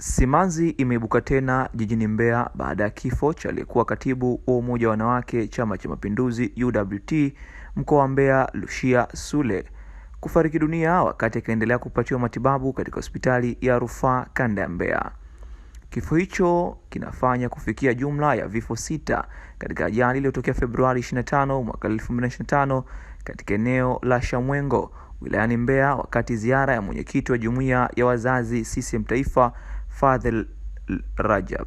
Simanzi imeibuka tena jijini Mbeya baada ya kifo cha aliyekuwa katibu wa Umoja wa Wanawake Chama cha Mapinduzi UWT mkoa wa Mbeya, Lucia Sule kufariki dunia wakati akiendelea kupatiwa matibabu katika hospitali ya rufaa kanda ya Mbeya. Kifo hicho kinafanya kufikia jumla ya vifo sita katika ajali iliyotokea Februari 25 mwaka 2025 katika eneo la Shamwengo wilayani Mbeya wakati ziara ya mwenyekiti wa Jumuiya ya Wazazi CCM Taifa Fadhil Rajab.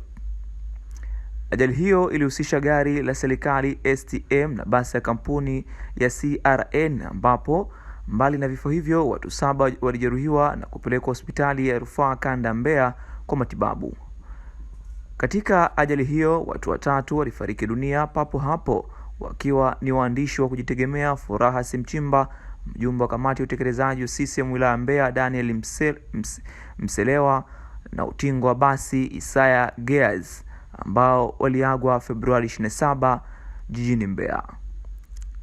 Ajali hiyo ilihusisha gari la serikali STM na basi ya kampuni ya CRN ambapo mbali na vifo hivyo watu saba walijeruhiwa na kupelekwa hospitali ya rufaa kanda Mbeya kwa matibabu. Katika ajali hiyo watu watatu walifariki dunia papo hapo wakiwa ni waandishi wa kujitegemea Furaha Simchimba, mjumbe wa kamati ya utekelezaji wa CCM wilaya Mbeya Daniel Mse, Mse, Mselewa na utingo wa basi Isaya Gears ambao waliagwa Februari 27 jijini Mbeya.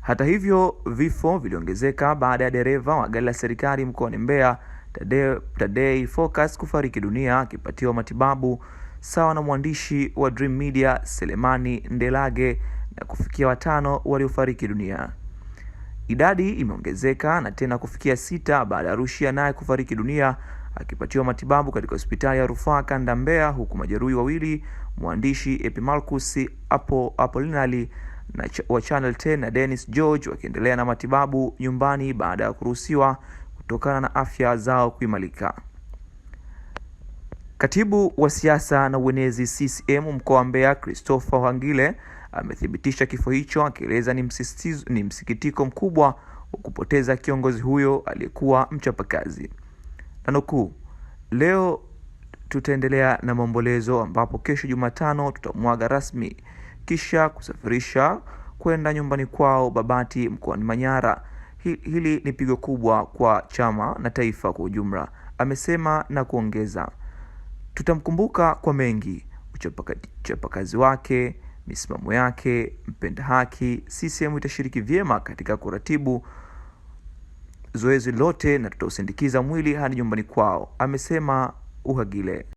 Hata hivyo, vifo viliongezeka baada ya dereva wa gari la serikali mkoani Mbeya Tadei Focus kufariki dunia akipatiwa matibabu sawa na mwandishi wa Dream Media Selemani Ndelage na kufikia watano waliofariki dunia. Idadi imeongezeka na tena kufikia sita baada ya Rushia naye kufariki dunia akipatiwa matibabu katika hospitali ya rufaa kanda mbea huku majeruhi wawili mwandishi Epimarcus Apo, Apolinali na ch wa Channel 10 na Dennis George wakiendelea na matibabu nyumbani baada ya kuruhusiwa kutokana na afya zao kuimalika Katibu wa siasa na uenezi CCM mkoa wa Mbeya, Christopher Wangile amethibitisha kifo hicho akieleza ni, ni msikitiko mkubwa wa kupoteza kiongozi huyo aliyekuwa mchapakazi na leo tutaendelea na maombolezo ambapo kesho Jumatano tutamwaga rasmi kisha kusafirisha kwenda nyumbani kwao Babati mkoani Manyara. Hili ni pigo kubwa kwa chama na taifa kwa ujumla, amesema na kuongeza, tutamkumbuka kwa mengi, uchapakazi wake, misimamo yake, mpenda haki. CCM itashiriki vyema katika kuratibu zoezi lote na tutausindikiza mwili hadi nyumbani kwao, amesema Uhagile.